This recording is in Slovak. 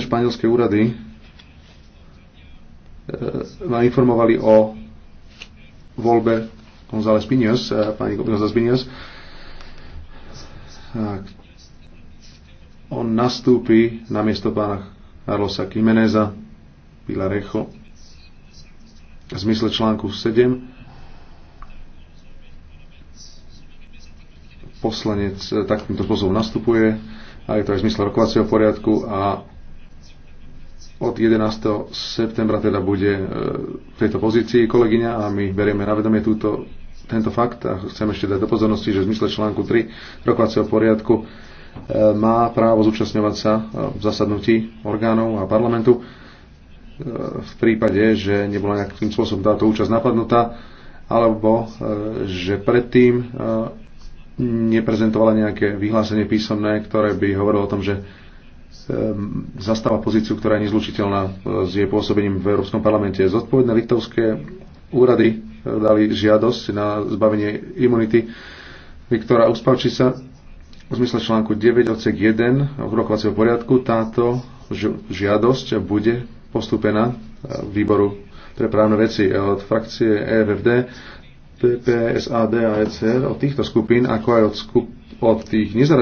španielské úrady e, ma informovali o voľbe González Pinios, e, pani González Pinios. On nastúpi na miesto pána Carlosa Kimeneza Pilarejo v zmysle článku 7 poslanec e, takýmto spôsobom nastupuje a je to aj v zmysle rokovacieho poriadku a od 11. septembra teda bude e, v tejto pozícii kolegyňa a my berieme na vedomie túto, tento fakt a chcem ešte dať do pozornosti, že v zmysle článku 3 rokovacieho poriadku e, má právo zúčastňovať sa e, v zasadnutí orgánov a parlamentu v prípade, že nebola nejakým spôsobom táto účasť napadnutá, alebo že predtým neprezentovala nejaké vyhlásenie písomné, ktoré by hovorilo o tom, že Ehm, zastáva pozíciu, ktorá je nezlučiteľná e, s jej pôsobením v Európskom parlamente. Zodpovedné litovské úrady e, dali žiadosť na zbavenie imunity Viktora Uspavčisa v zmysle článku 9 odsek 1 rokovacieho poriadku. Táto žiadosť bude postupená e, výboru pre právne veci od frakcie EFD, PPSAD a ECR, od týchto skupín, ako aj od, skup- od tých nezaradených